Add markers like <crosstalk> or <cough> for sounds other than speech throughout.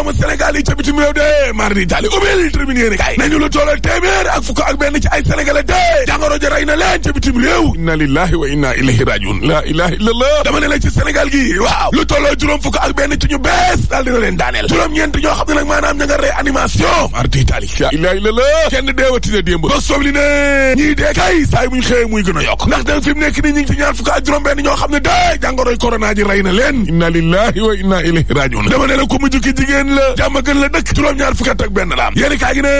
doomu Sénégal Italie ca bitim réew de mar di Italie ubbil tribune yéene kay nañu lu tollal téeméer ak fukk ak benn ci ay sénégalais de jàngoro ja rey na leen ca bitim réew inna lillahi wa inna ilayhi rajiun la ilaha illallah dama ne la ci Sénégal gi waaw lu tollal juróom fukk ak benn ci ñu bees daal dina leen daaneel juróom-ñeent ñoo xam ne nag maanaam ña nga réanimation mar di Italie la ilaha illallah kenn deewati na démb ba sob li ne ñii dee kay saa yi muy xëye muy gën a yokk ndax da fi mu nekk nii ñu ngi ci ñaar fukk ak juróom benn ñoo xam ne de jàngoroy corona ji rey na leen inna lillahi wa inna ilayhi rajiun dama ne la ku mujj ki jigéen la Samakan la dëkk juróom-ñaar fukki at ak benn la yéeni kaa gi ne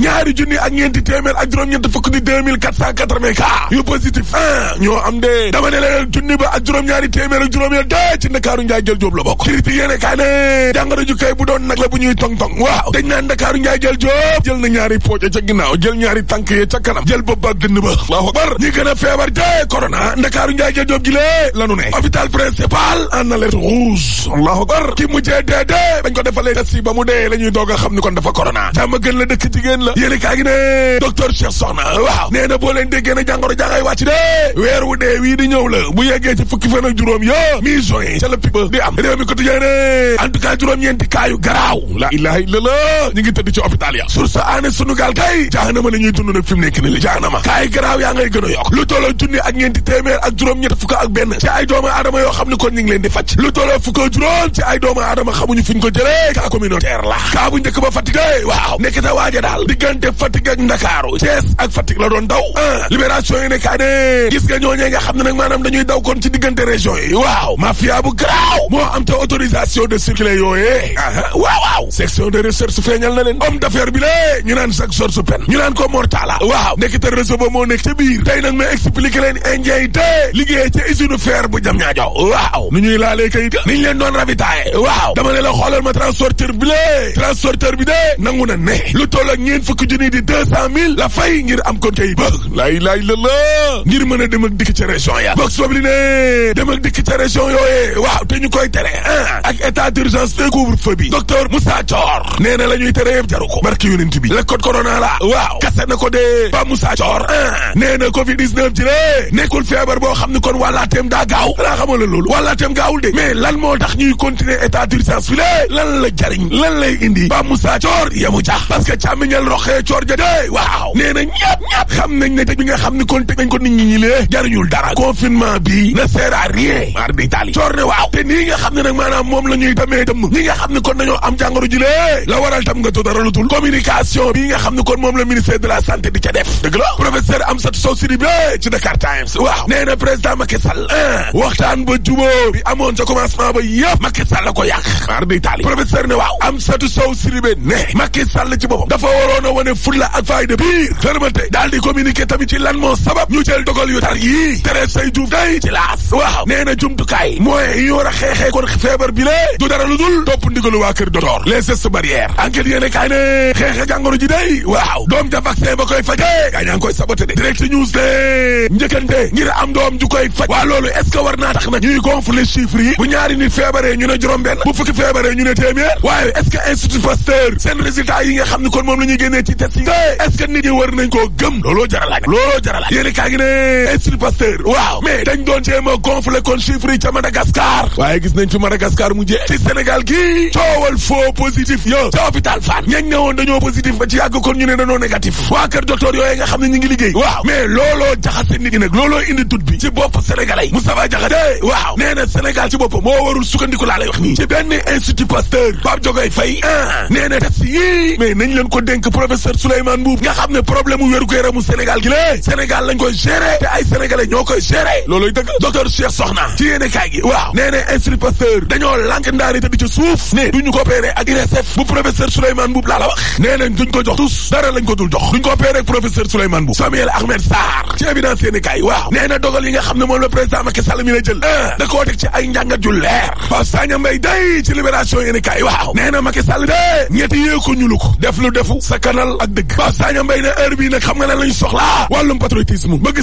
ñaari junni ak ñeenti téeméer ak juróom-ñeent fukk di deux mille quatre cent quatre-vingts cas yu positif ah ñoo am de dama ne la junni ba ak juróom-ñaari téeméer ak juróom yel de ci Ndakaaru Njaay jël jóob la bokk critique yéene kaa ne jàngoro kay bu doon nag la bu ñuy tong-tong waaw dañ naan Ndakaaru Njaay jël jóob jël na ñaari pooje ca ginnaaw jël ñaari tànk ye ca kanam jël bopp ak gën a mu dee la ñuy xam ni kon dafa corona jàmm gën la dëkk jigéen la yéen kaa gi ne docteur Cheikh Soxna waaw nee boo leen déggee ne jàngoro jàngay wàcc de weer wu dee wii di ñëw la bu yeggee ci fukki fan juróom yo mi juin ca la pic ba di am réew mi quotidien ne en tout cas juróom-ñeenti kaayu garaaw la ilaha illallah ñu ngi tëdd ci hôpital ya sur sa aane kay jaanama la dund nag fi mu nekk ni li jaanama kaayu garaaw yaa ngay gën a yokk lu tolloo junni ak ñeenti téeméer ak xam ni kon ñu ngi leen di faj lu ko jëlee kaa terre la kaa bu njëkk ba Fatick de waaw nekk te waaja daal diggante Fatick ak Ndakaaru Thiès ak Fatick la doon daw ah libération yi nekkaa de gis nga ñooñee nga xam ne nag maanaam dañuy daw kon ci diggante région yi waaw mafia bu garaaw moo am te autorisation de circuler yooyee ah, ah, waaw waaw section de recherche feeñal na leen homme d'affaires bi lée ñu waaw nekk te réseau ba moo leen indien yi te liggéeyee ca usine fer bu jam ñaajow waaw nu ñuy laalee waaw dama ne bi lée transporteur bi dee nangu na ne lu toll ak ñeen fukki junni di deux cent mille la fay ngir am kon kay ba laay laay la ngir mën a dem ak dikk ca région ya box bob li ne dem ak dikk ca région yooyee waaw te ñu koy tere ah ak état d'urgence de couvre-feu bi docteur Moussa Thior nee la ñuy tere yëpp jaru ko barki yonent bi la code corona la waaw kase na ko dee ba Moussa Thior ah nee na covid 19 ji lée nekkul feebar boo xam ne kon wàllaateem daa gaaw laa la loolu wàllaateem gaawul mais lan moo tax ñuy continuer état d'urgence bi lée lan la jariñ lan lay indi ba Moussa Coor yemu ca parce que càmmiñal roxee coor ja de waaw nee na ñëpp ñëpp xam ne tëj bi nga xam ni kon tëj ko nit ñi ñi lee jariñul dara confinement te nii nga xam ne nag maanaam moom la ñuy tamee dëmm ñi nga xam ne kon dañoo am jàngoro ji lee la waral tam nga tu dara lutul bi nga xam ne kon moom la ministère de la santé di ca def dëgg la professeur Amsatou Sow Sidibé ci Dakar Times waaw nee na président Macky Sall waxtaan ba jubóo bi amoon ca commencement ba yëpp Macky Sall la ko yàq mar Amsatou Sow Sidibé ne Macky Sall ci boppam dafa waroon a wane fulla ak fayda biir fermeté daal di communiquer tamit ci lan moo sabab ñu jël dogal yu tar yii Thérèse Sey Diouf day ci laas waaw nee jumtukaay mooy yi ñu war a kon feebar bi lée du dara lu dul topp ndigalu waa kër docteur les gestes barrières enquête yéene kaay ne xeexe jàngoro ji day waaw doom ja vaccin ba koy faje gaa ñaa ngi koy saboté de direct news de njëkkante ngir am doom ju koy faj waa loolu est ce war naa tax ñu ne juróom benn bu fukki ñu ne est-ce que institut Pasteur seen résultat yi nga xam ne kon moom la ñuy génnee ci test yi est-ce que nit ñi war nañ koo gëm looloo jaralaaj looloo jaralaaj yéen kaa ngi ne institut Pasteur waaw mais dañ doon jéem a gonfler kon chiffre yi ca Madagascar waaye gis nañ fi Madagascar mujjee ci Sénégal gii coowal faux positif yo ca hôpital Fann ñañ ne woon dañoo positif ba ci yàgg kon ñu ne dañoo négatif waa kër docteur yooyu nga xam ne ñu ngi liggéey waaw mais looloo jaxase nit ñi nag looloo indi tut bi ci bopp sénégalais Moustapha Diakhaté waaw nee na Sénégal ci boppam moo warul sukkandiku laa lay wax nii ci benn institut Pasteur Pape Diogo Abdoulaye ah nee na yii mais nañ leen ko dénk professeur Souleymane Mbuub nga xam ne problème mu wér yaramu Sénégal gi lée Sénégal lañ koy gérer te ay sénégalais ñoo koy gérer looloy dëgg docteur Cheikh Soxna ci yéene kaay gi waaw nee na Pasteur dañoo lànk ndaari te di ci suuf ne duñu ko opéré ak IRSF bu professeur Souleymane Mbuub laa la wax nee nañ duñ ko jox tous dara lañ ko dul jox duñ ko opéré ak professeur Souleymane Mbuub Samuel Ahmed Sarr ci évidence na Macky Sall de ñetti yee ko ñulu ko def lu defu sa kanal ak dëgg soxla wàllum patriotisme bëgg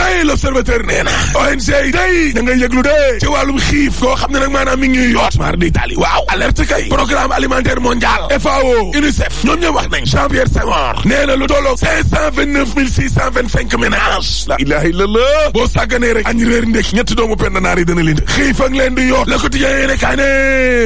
day l'observateur nee ONG day da ngay yëglu ci wàllum xiif koo xam ne maanaam mi ngi yoot mar di tali waaw alerte kay programme alimentaire mondial FAO UNICEF ñoom ñoom wax nañ Jean Pierre Senghor nee lu tolloo cinq six cent vingt cinq la ilaha boo sàgganee rek añ réer ndékki o doomu a naar yi dana leen xëy leen di yoo la ko tijjee yéene kaay ne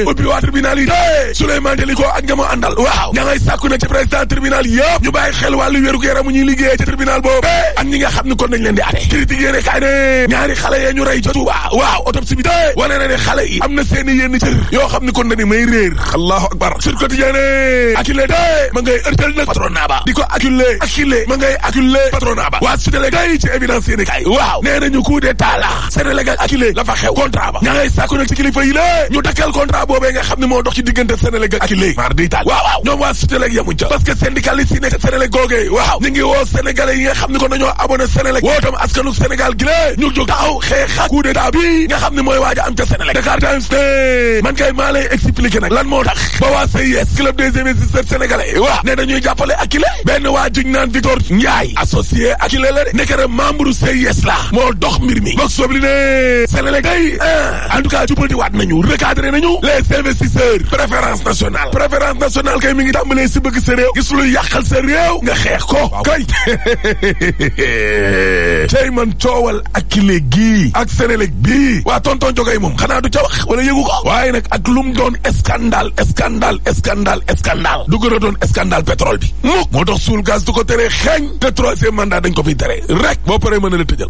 ubbi waat tribunal yi dé Souleymane Teliko ak ña mu àndal waaw ña ngay sàkku na ci président tribunal yëpp ñu bàyyi xel wàllu wéruko yaramu ñuy liggéeyee ci tribunal boobu ak ñi kon nañ leen di ate critique yéene kaay ñaari xale yee ñu rey ca Touba waaw autopsie bi dé ne xale yi am na seeni yenn cër yoo xam ni kon dañu may réer allahu akbar sur quotidien acculé dé ma ngay ërtal nag patronat ba di ko acculé acculé ma ngay acculé patronat ba waa sutele day ci évidence moo dox ci diggante Sénélec ak Akilee mar di taal waaw waaw ñoom waa Sutelec yemuñ ca parce que syndicaliste yi nekk Sénélec googee waaw ñu ngi woo sénégalais yi nga xam ne kon dañoo abonné Sénélec woo tam askanu Sénégal gi ñu jóg taxaw xeex ak coup d'état bi nga xam ne mooy waaj a am ca Sénélec Dakar Times ne man kay maa lay nag lan moo tax ba waa CIS club ne dañuy jàppale Akilee benn waa juñ naan Victor Ndiaye associé Akilee sœur préférence nationale préférence kay mi ngi tàmbalee si bëgg sa réew gis lu yàqal sa réew nga xeex ko kay <laughs> tey man coowal Akilee gii ak Senelec bii waa tonton jogay moom xanaa du ca wax wala yëgu ko waaye nag ak lu mu doon scandale scandale scandale scandale du gën a doon scandale pétrole bi mukk moo tax suul gaz du ko teree xeeñ te troisième mandat dañ ko fiy teree rek boo paree mën na la tëjal